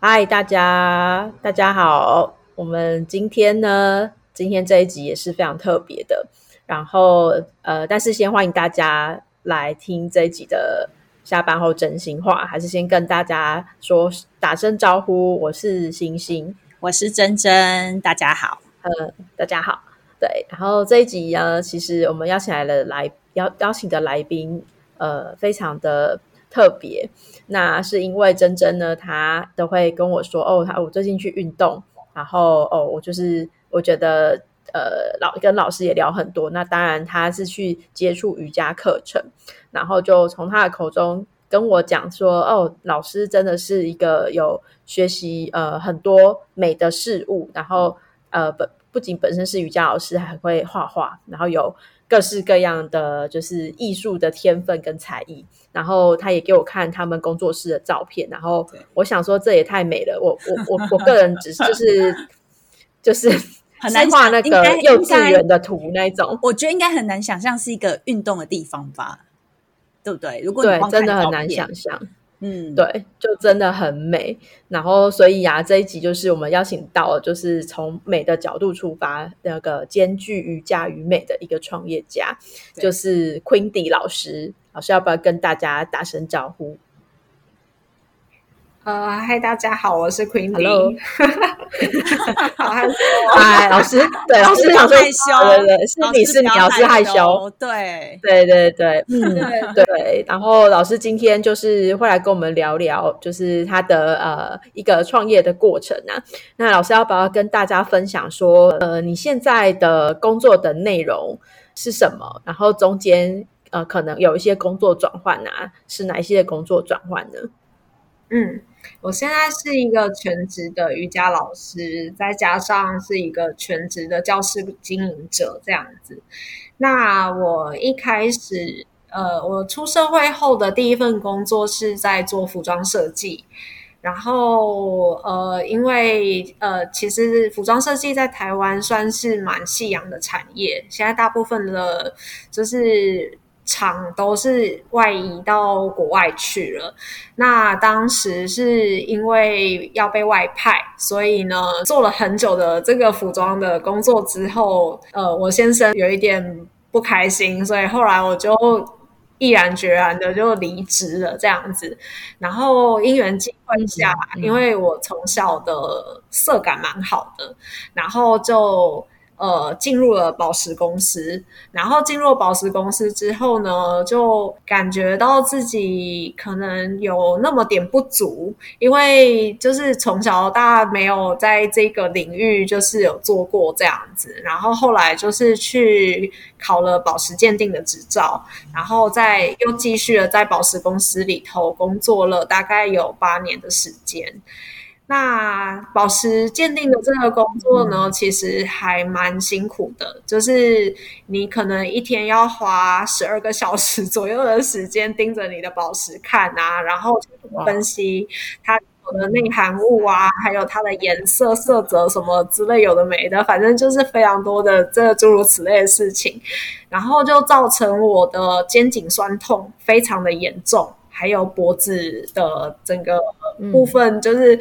嗨，大家，大家好！我們今天呢，今天這一集也是非常特別的。然後，呃，但是先歡迎大家來聽這一集的下班後真心話，還是先跟大家說打聲招呼。我是星星，我是珍珍，大家好，呃、嗯，大家好，對。然後這一集呢，其實我們邀請來的來邀邀請的來賓，呃，非常的特別。那是因為珍珍呢，她都會跟我說，哦，她，我最近去運動，然後哦，我就是我覺得。呃，老跟老師也聊很多。那當然，他是去接觸瑜伽課程，然後就從他的口中跟我講說：“哦，老師真的是一個有學習呃很多美的事物，然後呃，本不僅本身是瑜伽老師，還會畫畫，然後有各式各樣的就是藝術的天分跟才藝。”然後他也給我看他們工作室的照片，然後我想說這也太美了。我我我我個人只是就是 就是。很難畫那個幼稚園的圖那種，我覺得應該很難想象是一個運動的地方吧，對不對？如果你對真的很難想象，嗯，對，就真的很美。然後所以呀，啊，這一集就是我們邀請到了，就是從美的角度出發，那個兼具瑜伽與美的一個創業家，就是 Queendy 老師。老師要不要跟大家打聲招呼？呃，嗨，大家好，我是 Queendy。 哎 羞、哦， 老師，對老師想說，害羞， 說對,對,對,說對,對對，是你是你老，老師害羞，對對對, 對,對,對 嗯對。然後老師今天就是會來跟我們聊聊，就是他的呃一個創業的過程啊。那老師要不要跟大家分享說，呃，你現在的工作的內容是什麼？然後中間呃可能有一些工作轉換啊，是哪一些工作轉換呢？嗯。我現在是一個全職的瑜伽老師，再加上是一個全職的教室經營者，這樣子。那我一開始，呃，我出社會後的第一份工作是在做服裝設計，然後呃，因為呃，其實服裝設計在台灣算是蠻夕陽的產業，現在大部分的就是。廠都是外移到國外去了。那當時是因為要被外派，所以呢，做了很久的這個服裝的工作之後，呃，我先生有一點不開心，所以後來我就毅然決然的就離職了，這樣子。然後因緣際會下、嗯嗯，因為我從小的色感蠻好的，然後就。呃，進入了寶石公司，然後進入了寶石公司之後呢，就感覺到自己可能有那麼點不足，因為就是從小到大沒有在這個領域就是有做過這樣子，然後後來就是去考了寶石鑑定的執照，然後再又繼續了在寶石公司裡頭工作了大概有八年的時間。那寶石鑑定的這個工作呢，嗯，其實還蠻辛苦的，就是你可能一天要花十二個小時左右的時間盯着你的寶石看啊，然後分析它的內含物啊，嗯，還有它的顏色、色澤什麼之類有的沒的，反正就是非常多的這諸如此類的事情，然後就造成我的肩頸痠痛非常的嚴重。還有脖子的整個部分，就是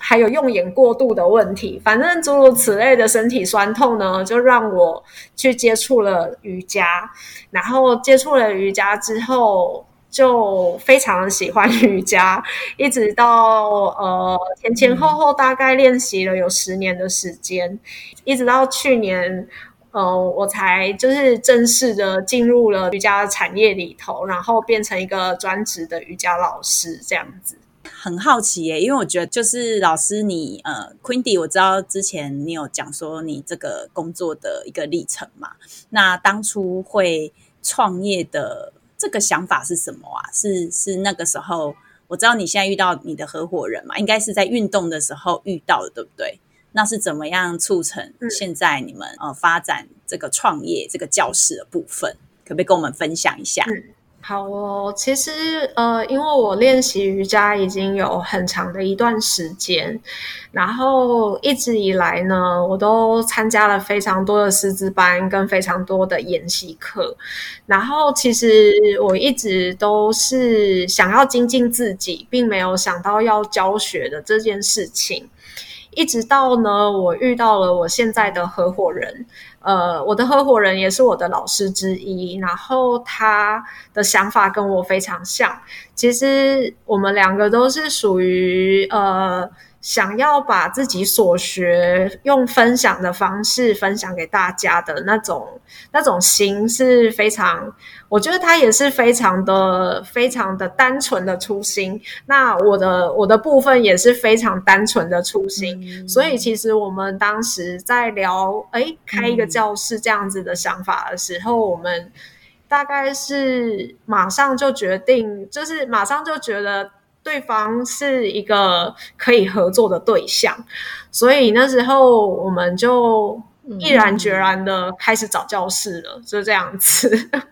還有用眼過度的問題。嗯。反正諸如此類的身體酸痛呢，就讓我去接觸了瑜伽。然後接觸了瑜伽之後，就非常喜歡瑜伽。一直到呃前前後後大概練習了有十年的時間，一直到去年。呃，我才就是正式的進入了瑜伽產業裡頭，然後變成一個專職的瑜伽老師這樣子。很好奇耶，因為我覺得就是老師你呃，Queendy，我知道之前你有講說你這個工作的一個歷程嘛。那當初會創業的這個想法是什麼啊？是是那個時候，我知道你現在遇到你的合夥人嘛，應該是在運動的時候遇到的，對不對？那是怎麼樣促成現在你們呃，發展這個創業這個教室的部分？嗯、可不可以跟我們分享一下？嗯、好哦，其實呃，因為我練習瑜伽已經有很長的一段時間，然後一直以來呢，我都參加了非常多的師資班跟非常多的研習課，然後其實我一直都是想要精進自己，並沒有想到要教學的這件事情。一直到呢，我遇到了我現在的合夥人，呃，我的合夥人也是我的老師之一，然後他的想法跟我非常像，其實我們兩個都是屬於呃。想要把自己所學用分享的方式分享給大家的那種那種心是非常，我覺得他也是非常的非常的單純的初心。那我的我的部分也是非常單純的初心。嗯，所以其實我們當時在聊，誒，開一個教室這樣子的想法的時候，嗯，我們大概是馬上就決定，就是馬上就覺得。對方是一個可以合作的對象，所以那時候我們就毅然決然的開始找教室了，嗯、就這樣子。嗯、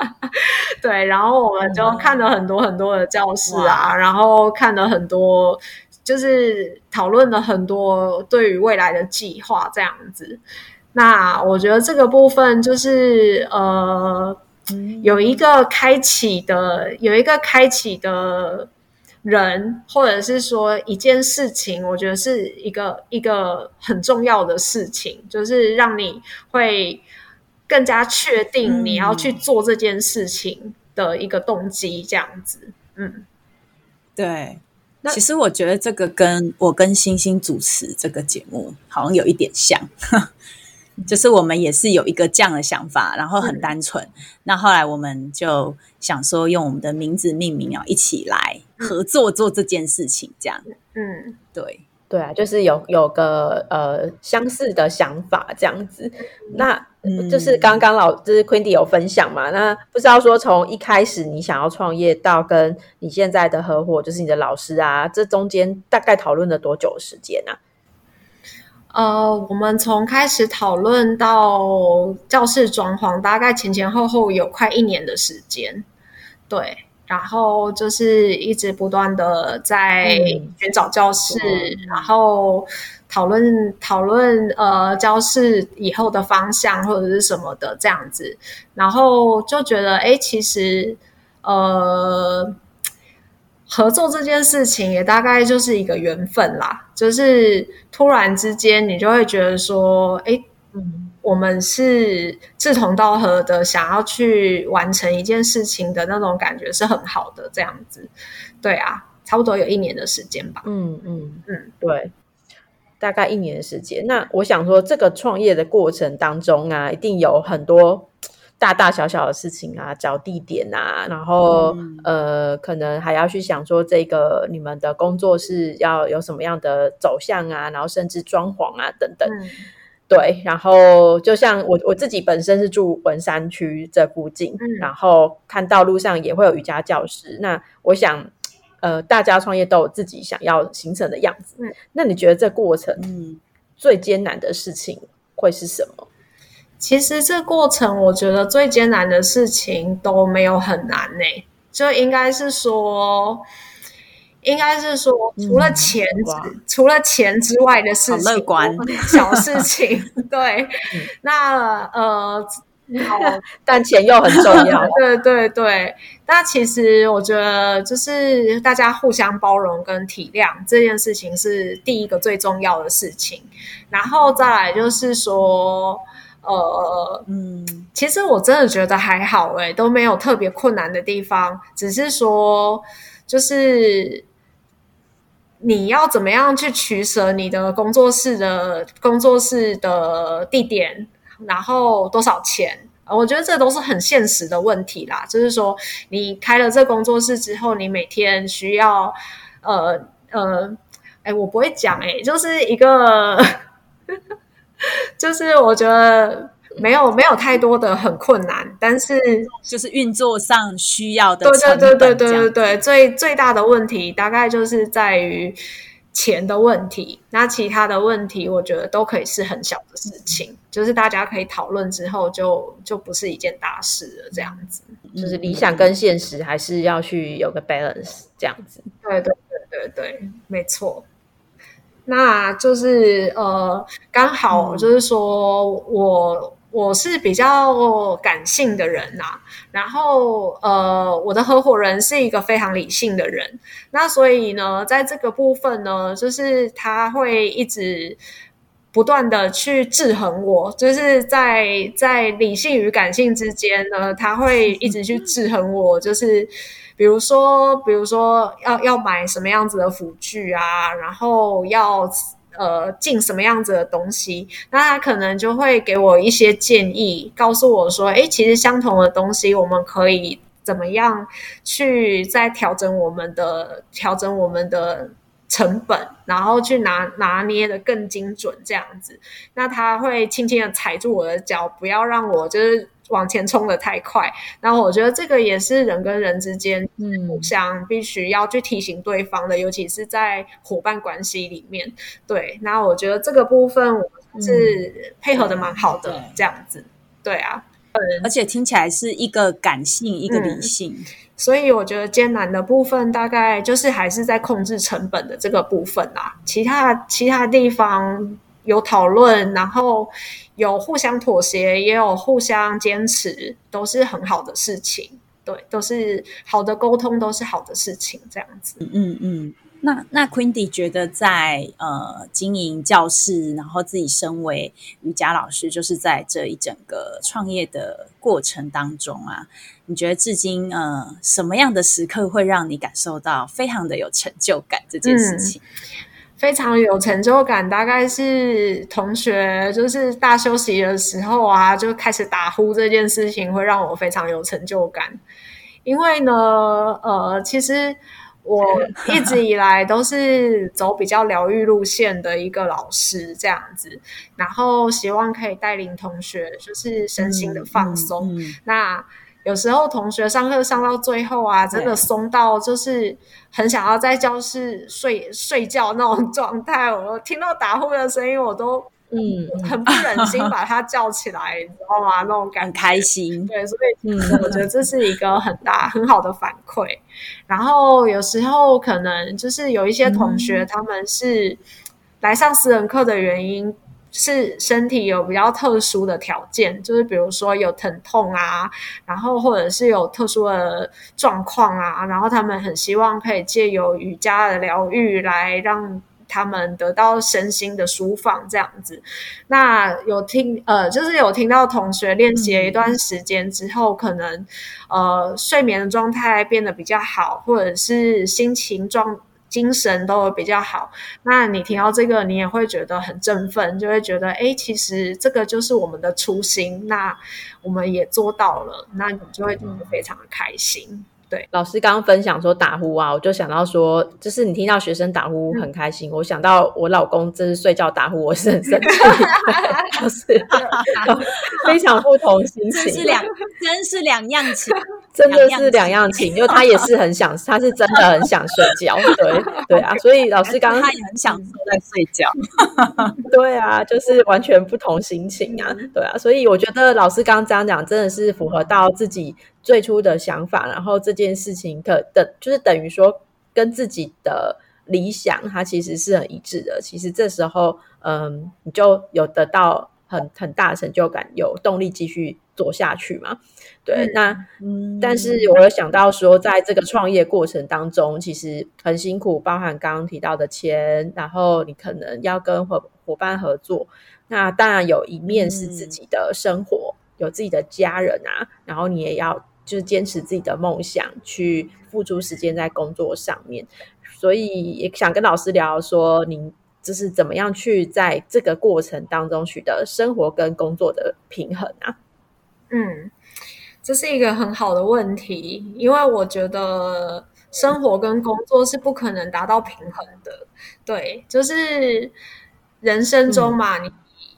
對，然後我們就看了很多很多的教室啊，然後看了很多，就是討論了很多對於未來的計劃這樣子。那我覺得這個部分就是呃，有一個開啟的，有一個開啟的。人，或者是說一件事情，我覺得是一個一個很重要的事情，就是讓你會更加確定你要去做這件事情的一個動機，這樣子，嗯，嗯對。那其實我覺得這個跟我跟星星主持這個節目好像有一點像， 就是我們也是有一個這樣的想法，然後很單純、嗯。那後來我們就想說，用我們的名字命名啊，一起來。合作做這件事情，這樣，嗯，對，對啊，就是有有個呃相似的想法，這樣子。那、嗯、就是剛剛老就是 Queendy 有分享嘛，那不知道說從一開始你想要創業到跟你現在的合夥，就是你的老師啊，這中間大概討論了多久的時間呢、啊？呃，我們從開始討論到教室裝潢，大概前前後後有快一年的時間，對。然後就是一直不斷的在尋找教室，嗯，然後討論討論呃教室以後的方向或者是什麼的這樣子，然後就覺得哎，其實呃合作這件事情也大概就是一個緣分啦，就是突然之間你就會覺得說哎，嗯。我們是志同道合的，想要去完成一件事情的那種感覺是很好的，這樣子，對啊，差不多有一年的時間吧。嗯嗯嗯，對嗯，大概一年的時間。那我想說，這個創業的過程當中啊，一定有很多大大小小的事情啊，找地點啊，然後、嗯、呃，可能還要去想說，這個你們的工作室要有什麼樣的走向啊，然後甚至裝潢啊，等等。嗯對，然後就像我、嗯、我自己本身是住文山區這附近、嗯，然後看道路上也會有瑜伽教室。那我想，呃，大家創業都有自己想要形成的樣子、嗯。那你覺得這過程最艱難的事情會是什麼？其實這過程我覺得最艱難的事情都沒有很難呢、欸，就應該是說。應該是說、嗯，除了錢，除了錢之外的事情，好樂觀，小事情， 對。嗯、那呃，好 但錢又很重要， 對對對。那其實我覺得，就是大家互相包容跟體諒這件事情是第一個最重要的事情。然後再來就是說，呃，嗯，其實我真的覺得還好、欸，誒都沒有特別困難的地方，只是說，就是。你要怎麼樣去取捨你的工作室的工作室的地點，然後多少錢？我覺得這都是很現實的問題啦。就是說，你開了這工作室之後，你每天需要呃呃，哎、呃，我不會講誒，誒就是一個，就是我覺得。沒有，沒有太多的很困難，但是就是運作上需要的。對對對對對對，最最大的問題大概就是在於錢的問題。那其他的問題，我覺得都可以是很小的事情，嗯、就是大家可以討論之後就，就就不是一件大事了，這樣子、嗯。就是理想跟現實還是要去有個 balance，這樣子。嗯、這樣子對對對對對，沒錯。那就是呃，剛好就是說我。嗯我是比較感性的人吶、啊，然後呃，我的合夥人是一個非常理性的人，那所以呢，在這個部分呢，就是他會一直不斷的去制衡我，就是在在理性與感性之間呢，他會一直去制衡我，就是比如說，比如說要要買什麼樣子的輔具啊，然後要。呃，進什麼樣子的東西，那他可能就會給我一些建議，告訴我說，哎，其實相同的東西，我們可以怎麼樣去再調整我們的調整我們的成本，然後去拿拿捏得更精準這樣子。那他會輕輕地踩住我的腳，不要讓我就是。往前衝得太快，然後我覺得這個也是人跟人之間，嗯，互相必須要去提醒對方的，嗯，尤其是在夥伴關係裡面，對。那我覺得這個部分是配合得蠻好的，嗯，這樣子，對，對啊，而且聽起來是一個感性，嗯，一個理性，所以我覺得艱難的部分大概就是還是在控制成本的這個部分啦，啊，其他其他地方。有討論，然後有互相妥協，也有互相堅持，都是很好的事情。對，都是好的溝通，都是好的事情。這樣子，嗯嗯。那那 Queendy 覺得在，在呃經營教室，然後自己身為瑜伽老師，就是在這一整個創業的過程當中啊，你覺得至今呃，什麼樣的時刻會讓你感受到非常的有成就感？這件事情。嗯非常有成就感，大概是同學就是大休息的時候啊，就開始打呼這件事情，會讓我非常有成就感。因為呢，呃，其實我一直以來都是走比較療癒路線的一個老師這樣子，然後希望可以帶領同學就是身心的放鬆。嗯嗯嗯，那有時候同學上課上到最後啊，真的鬆到就是很想要在教室睡睡覺那種狀態。我聽到打呼的聲音，我都嗯很不忍心把他叫起來，嗯、 你知道嗎？那種感覺。很開心。對，所以我覺得這是一個很大、嗯、 很好的反饋。然後有時候可能就是有一些同學他們是來上私人課的原因，是身體有比較特殊的條件，就是比如說有疼痛啊，然後或者是有特殊的狀況啊，然後他們很希望可以借由瑜伽的療癒來讓他們得到身心的舒放，這樣子。那有聽，呃，就是有聽到同學練習了一段時間之後，嗯、可能，呃，睡眠的狀態變得比較好，或者是心情狀。精神都比較好，那你聽到這個，你也會覺得很振奮，就會覺得，哎、欸，其實這個就是我們的初心，那我們也做到了，那你就會非常的開心。對，老師剛剛分享說打呼啊，我就想到說，就是你聽到學生打呼，呼很開心，嗯，我想到我老公真是睡覺打呼，我是很生氣，是， 老師 非常不同心情，是兩，真是兩樣情， 真的是兩樣，樣情，因為他也是很想， 他是真的很想睡覺，對，對啊，所以老師剛他也很想在睡覺，對、啊就是啊，對啊，就是完全不同心情啊，對啊，所以我覺得老師剛剛這樣講，真的是符合到自己。最初的想法，然後這件事情可等，就是等於說跟自己的理想，它其實是很一致的。其實這時候，嗯，你就有得到很很大成就感，有動力繼續做下去嘛？對，那，嗯、但是我又想到說，在這個創業過程當中，其實很辛苦，包含剛剛提到的錢，然後你可能要跟伙夥伴合作，那當然有一面是自己的生活，嗯、有自己的家人啊，然後你也要。就是堅持自己的夢想，去付出時間在工作上面，所以也想跟老師聊說，您就是怎麼樣去在這個過程當中取得生活跟工作的平衡啊？嗯，這是一個很好的問題，因為我覺得生活跟工作是不可能達到平衡的。對，就是人生中嘛，嗯，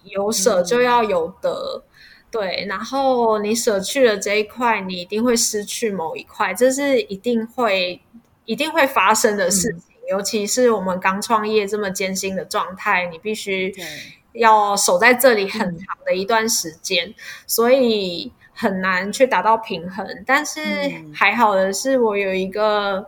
你有捨就要有得。嗯對，然後你捨去了這一塊，你一定會失去某一塊，這是一定會、一定會發生的事情。嗯、尤其是我們剛創業這麼艱辛的狀態，你必須要守在這裡很長的一段時間、嗯，所以很難去達到平衡。但是還好的是我有一個。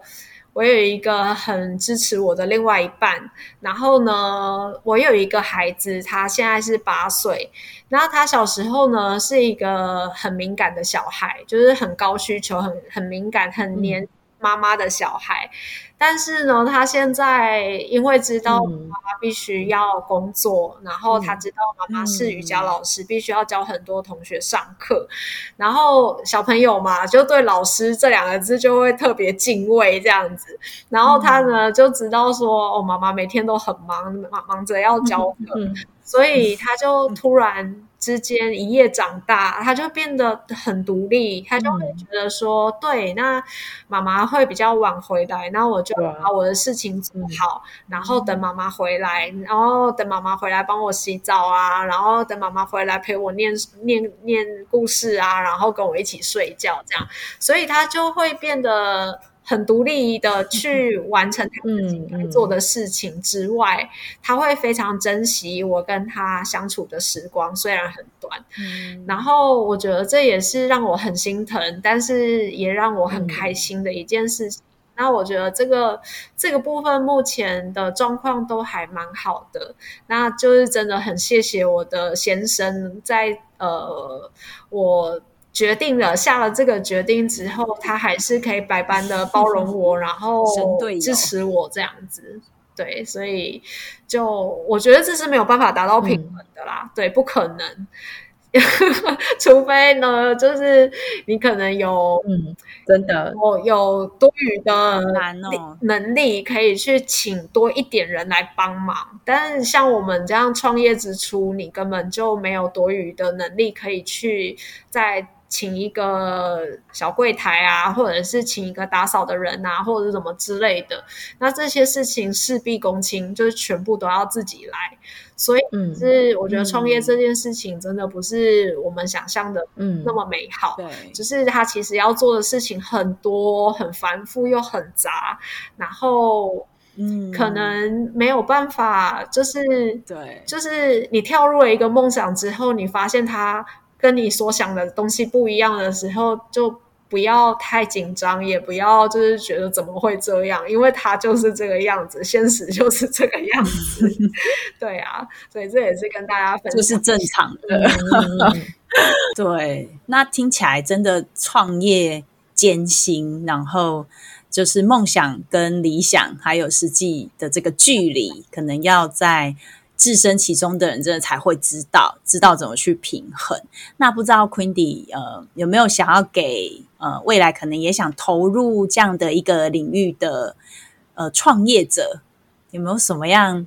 我有一個很支持我的另外一半，然後呢，我有一個孩子，他現在是八歲。那他小時候呢，是一個很敏感的小孩，就是很高需求，很很敏感，很黏媽媽的小孩。嗯但是呢，他現在因為知道媽媽必須要工作，嗯、然後他知道媽媽是瑜伽老師，嗯、必須要教很多同學上課，嗯，然後小朋友嘛，就對老師這兩個字就會特別敬畏這樣子。然後他呢，嗯、就知道說，我、哦、媽媽每天都很忙，忙忙着要教課，嗯嗯，所以他就突然、嗯。嗯之間一夜長大，他就變得很獨立，他就會覺得說，嗯、對，那媽媽會比較晚回來，那我就把、嗯啊、我的事情做好，然後等媽媽回來，然後等媽媽回來幫我洗澡啊，然後等媽媽回來陪我念念念故事啊，然後跟我一起睡覺，這樣，所以他就會變得。很獨立的去完成他自己該做的事情之外，嗯嗯，他會非常珍惜我跟他相處的時光，雖然很短，嗯。然後我覺得這也是讓我很心疼，但是也讓我很開心的一件事情，嗯。那我覺得這個這個部分目前的狀況都還蠻好的，那就是真的很謝謝我的先生在，在呃我。決定了，下了這個決定之後，他還是可以百般的包容我，嗯、然後支持我對、哦、這樣子。對，所以就我覺得這是沒有辦法達到平衡的啦，嗯、對，不可能。 除非呢，就是你可能有，嗯，真的，我有，有多餘的能、哦、能力，可以去請多一點人來幫忙。但是像我們這樣創業之初，你根本就沒有多餘的能力可以去在。請一個小櫃檯啊，或者是請一個打掃的人啊，或者是什麼之類的。那這些事情事必躬親，就是全部都要自己來。所以是我覺得創業這件事情真的不是我們想象的嗯那麼美好、嗯嗯嗯，對，就是他其實要做的事情很多、很繁復又很雜，然後嗯可能沒有辦法，嗯、就是對，就是你跳入了一個夢想之後，你發現它。跟你所想的東西不一樣的時候，就不要太緊張，也不要就是覺得怎麼會這樣，因為他就是這個樣子，現實就是這個樣子， 對啊，所以這也是跟大家分享，就是正常的。嗯、 對，那聽起來真的創業艱辛，然後就是夢想跟理想還有實際的這個距離，可能要在。置身其中的人，真的才會知道，知道怎麼去平衡。那不知道 Queendy 呃，有沒有想要給呃未來可能也想投入這樣的一個領域的呃創業者，有沒有什麼樣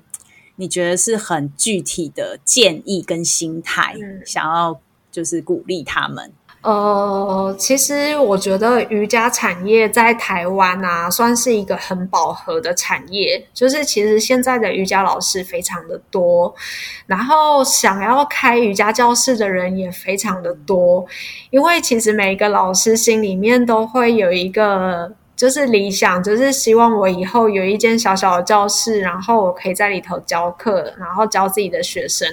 你覺得是很具體的建議跟心態，嗯、想要就是鼓勵他們？呃，其實我覺得瑜伽產業在台灣啊，算是一個很飽和的產業。就是其實現在的瑜伽老師非常的多，然後想要開瑜伽教室的人也非常的多。因為其實每一個老師心裡面都會有一個。就是理想，就是希望我以後有一間小小的教室，然後我可以在裡頭教課，然後教自己的學生。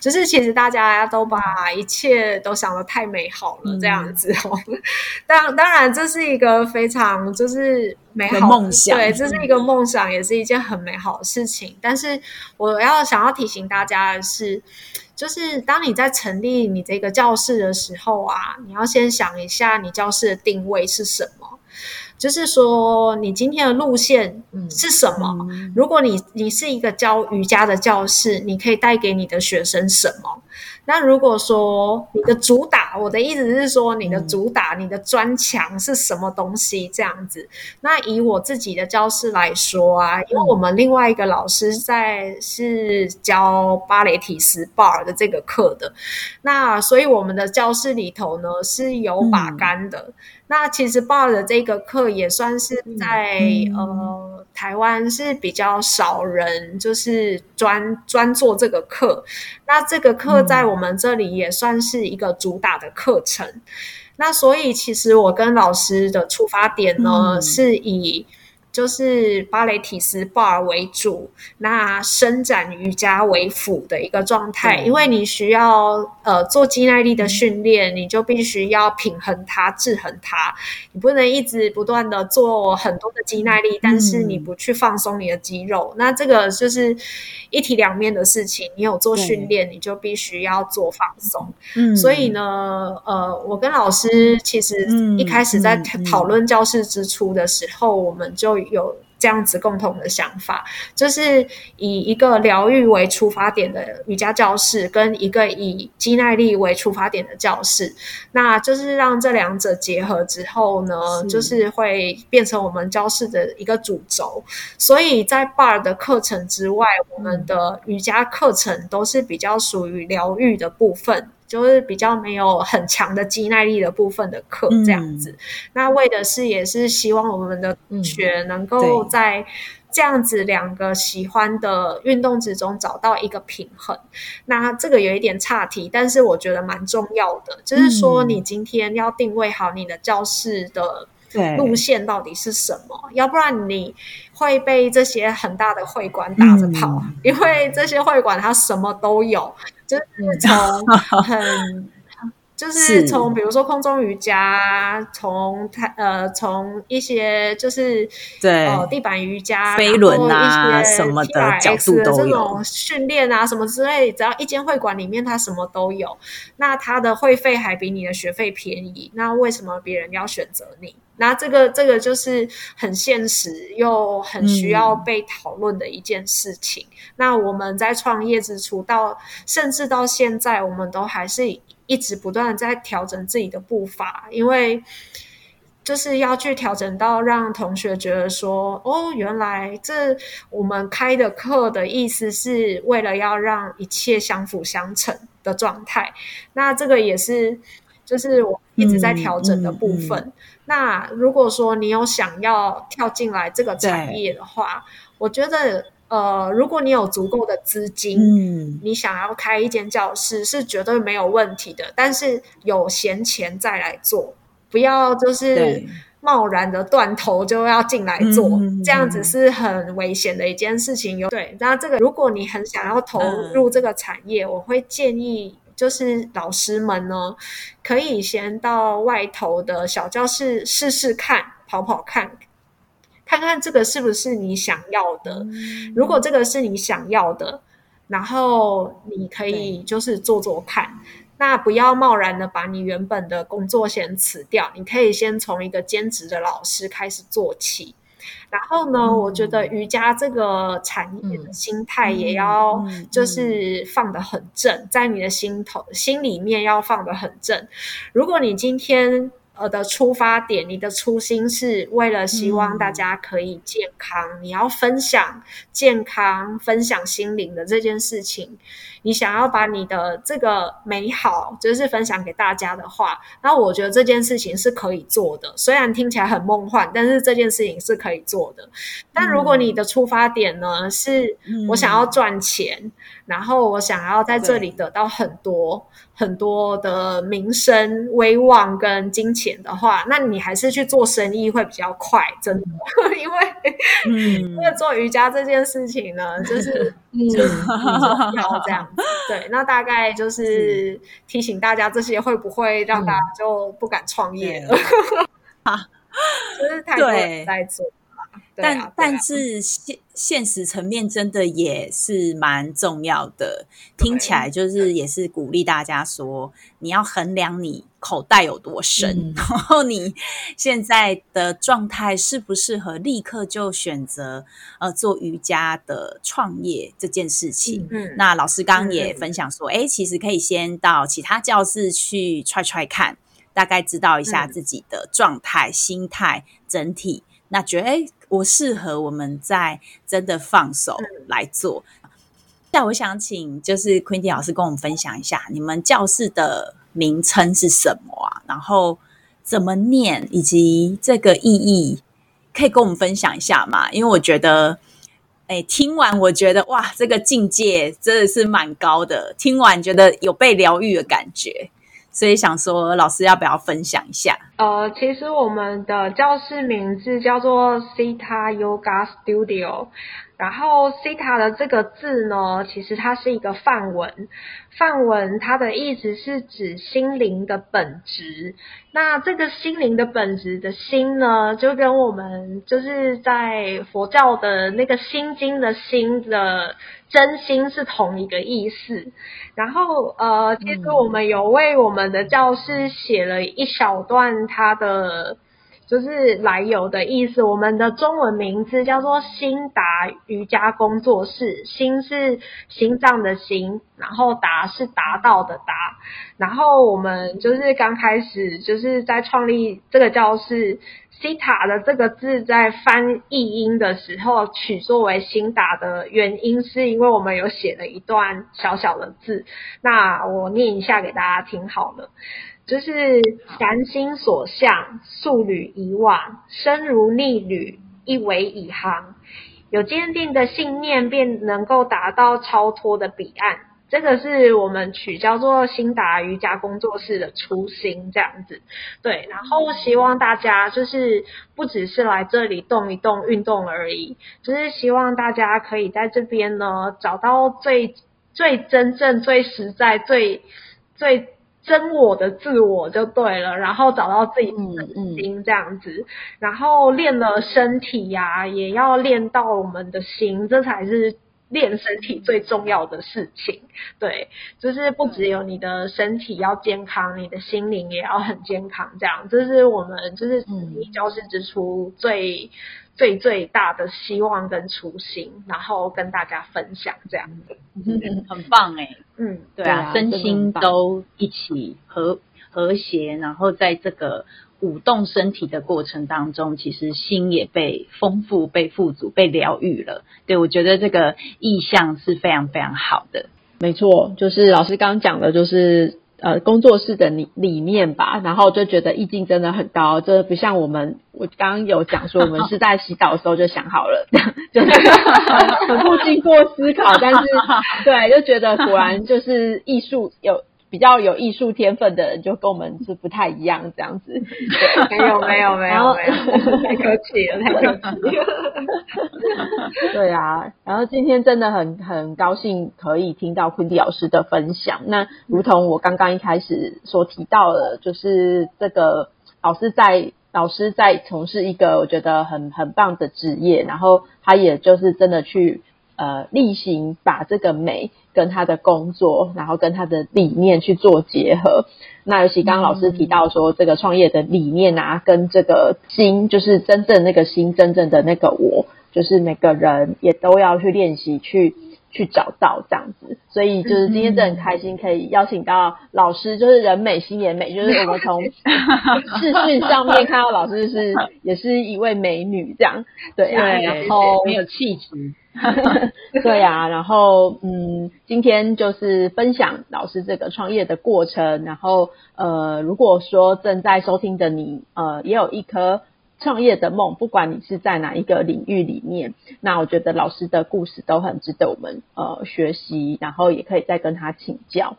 就是其實大家都把一切都想得太美好了，嗯、這樣子哦。當當然這是一個非常就是美好的夢想，對，這是一個夢想、嗯，也是一件很美好的事情。但是我要想要提醒大家的是，就是當你在成立你這個教室的時候啊，你要先想一下你教室的定位是什麼？就是說，你今天的路線是什麼？嗯嗯、如果你你是一個教瑜伽的教室，你可以帶給你的學生什麼？那如果說你的主打。我的意思是說，你的主打、你的專長是什麼東西？這樣子。那以我自己的教室來說啊，因為我們另外一個老師在是教芭蕾提斯 bar 的這個課的，那所以我們的教室裡頭呢是有把桿的。那其實 bar 的這個課也算是在呃台灣是比較少人，就是專專做這個課。那這個課在我們這裡也算是一個主打的。課程，那所以其實我跟老師的出發點呢，嗯、是以。就是芭蕾體式、bar 為主，那伸展瑜伽為輔的一個狀態，嗯、因為你需要呃做肌耐力的訓練，你就必須要平衡它，制衡它，你不能一直不斷的做很多的肌耐力，但是你不去放鬆你的肌肉，嗯，那這個就是一體兩面的事情。你有做訓練，你就必須要做放鬆。嗯，所以呢，呃，我跟老師其實一開始在討論教室之初的時候，嗯嗯嗯、我們就。有這樣子共同的想法，就是以一個療癒為出發點的瑜伽教室，跟一個以肌耐力為出發點的教室，那就是讓這兩者結合之後呢，就是會變成我們教室的一個主軸。所以在 Bar 的課程之外，我們的瑜伽課程都是比較屬於療癒的部分。就是比較沒有很強的肌耐力的部分的課這樣子，嗯，那為的是也是希望我們的同學能夠在這樣子兩個喜歡的運動之中找到一個平衡，嗯。那這個有一點岔題，但是我覺得蠻重要的，嗯，就是說你今天要定位好你的教室的路線到底是什麼，要不然你會被這些很大的會館打着跑，嗯，因為這些會館它什麼都有。就是從很， 就是從比如說空中瑜伽，從它呃從一些就是對、呃、地板瑜伽、飛輪啊，啊什麼的角度都有，這種訓練啊什麼之類，只要一間會館裡面它什麼都有，那它的會費還比你的學費便宜，那為什麼別人要選擇你？那這個這個就是很現實又很需要被討論的一件事情。嗯，那我們在創業之初到，到甚至到現在，我們都還是一直不斷地在調整自己的步伐，因為就是要去調整到讓同學覺得說，哦，原來這我們開的課的意思是為了要讓一切相輔相成的狀態。那這個也是。就是我一直在調整的部分，嗯嗯嗯。那如果說你有想要跳進來這個產業的話，我覺得，呃，如果你有足夠的資金，嗯，你想要開一間教室是絕對沒有問題的。但是有閒錢再來做，不要就是貿然的斷頭就要進來做，這樣子是很危險的一件事情有。有、嗯、對，那這個如果你很想要投入這個產業，嗯、我會建議。就是老師們呢，可以先到外頭的小教室試試看，跑跑看，看看這個是不是你想要的。嗯，如果這個是你想要的，然後你可以就是做做看，那不要貿然的把你原本的工作先辭掉。你可以先從一個兼職的老師開始做起。然後呢、嗯，我覺得瑜伽這個產業的心態也要，就是放得很正，嗯嗯嗯，在你的心頭、心裡面要放得很正。如果你今天呃的出發點，你的初心是為了希望大家可以健康，嗯，你要分享健康、分享心靈的這件事情。你想要把你的這個美好就是分享給大家的話，那我覺得這件事情是可以做的。雖然聽起來很夢幻，但是這件事情是可以做的。但如果你的出發點呢，嗯，是我想要賺錢。嗯，嗯。然後我想要在這裡得到很多很多的名聲、威望跟金錢的話，那你還是去做生意會比較快，真的，嗯、因為、嗯、因為做瑜伽這件事情呢，就是嗯，就是、嗯就要這樣、嗯、對，那大概就是提醒大家，這些會不會讓大家就不敢創業了？嗯、 哈，就是太多人在做。但但是現現實層面真的也是蠻重要的，聽起來就是也是鼓勵大家說，你要衡量你口袋有多深，然後你現在的狀態適不適合立刻就選擇呃做瑜伽的創業這件事情。嗯，那老師剛剛也分享說，誒，其實可以先到其他教室去踹踹看，大概知道一下自己的狀態、心態、整體。那覺得，哎、欸，我適合我們再真的放手來做。但我想請就是 Queendy 老師跟我們分享一下，你們教室的名稱是什麼啊？然後怎麼念，以及這個意義，可以跟我們分享一下嗎？因為我覺得，哎、欸，聽完我覺得哇，這個境界真的是蠻高的，聽完覺得有被療癒的感覺。所以想說，老師要不要分享一下？呃，其實我們的教室名字叫做 Cita Yoga Studio。然後，西塔的這個字呢，其實它是一個梵文，梵文它的意思是指心靈的本質。那這個心靈的本質的心呢，就跟我們就是在佛教的那個心經的心的真心是同一個意思。然後，呃，其實我們有為我們的教室寫了一小段它的。就是來由的意思。我們的中文名字叫做心達瑜伽工作室。心是心臟的“心”，然後達是達到的“達”。然後我們就是剛開始就是在創立這個教室，西塔的這個字在翻譯音的時候取作為心達的原因，是因為我們有寫了一段小小的字。那我念一下給大家聽好了。就是凡心所向，素履以往，生如逆旅，一葦以航。有堅定的信念，便能夠達到超脫的彼岸。這個是我們取叫做新達瑜伽工作室的初心，這樣子。對，然後希望大家就是不只是來這裡動一動運動而已，只、就是希望大家可以在這邊呢找到最最真正、最實在、最最。真我的自我就對了，然後找到自己的心這樣子、嗯嗯，然後練了身體呀、啊，也要練到我們的心，這才是練身體最重要的事情。對，就是不只有你的身體要健康，嗯、你的心靈也要很健康，這樣這是我們就是立教室之初最、嗯、最最大的希望跟初心，然後跟大家分享這樣子，嗯、很棒耶。嗯嗯對、啊，對啊，身心都一起和和諧，然後在這個舞動身體的過程當中，其實心也被豐富、被富足、被療癒了。對，我覺得這個意象是非常非常好的，沒錯，就是老師剛剛講的，就是。呃，工作室的裡裡面吧，然後就覺得意境真的很高，真不像我們，我剛剛有講說我們是在洗澡的時候就想好了，好好 就那個、 很不經過思考， 但是 對，就覺得果然就是藝術有。比較有藝術天分的人就跟我們是不太一樣這樣子，沒有沒有沒有沒有，沒有沒有 太客氣了，太客氣了。 對啊，然後今天真的很很高興可以聽到昆迪老師的分享。那如同我剛剛一開始所提到的、嗯，就是這個老師在老師在從事一個我覺得很很棒的職業，然後他也就是真的去呃力行把這個美跟他的工作，然後跟他的理念去做結合。那尤其剛剛老師提到說，mm -hmm. 這個創業的理念啊，跟這個心，就是真正那個心，真正的那個我，就是每個人也都要去練習去。去找到這樣子，所以就是今天真的很開心，嗯，可以邀請到老師，就是人美心也美，就是我們從視訊上面看到老師是 也是一位美女，這樣對啊，對，然後很有氣質， 對啊，然後嗯，今天就是分享老師這個創業的過程，然後呃，如果說正在收聽的你，呃，也有一顆。創業的夢，不管你是在哪一個領域裡面，那我覺得老師的故事都很值得我們呃學習，然後也可以再跟他請教。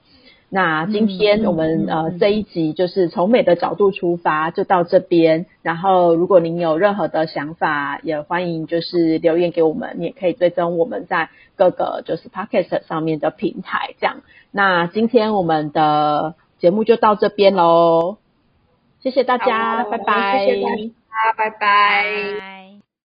那今天我們、嗯嗯嗯、呃這一集就是從美的角度出發，就到這邊。然後如果您有任何的想法，也歡迎就是留言給我們，你也可以追蹤我們在各個就是 Podcast 上面的平台這樣。那今天我們的節目就到這邊嘍，謝謝大家，拜拜。好，拜拜。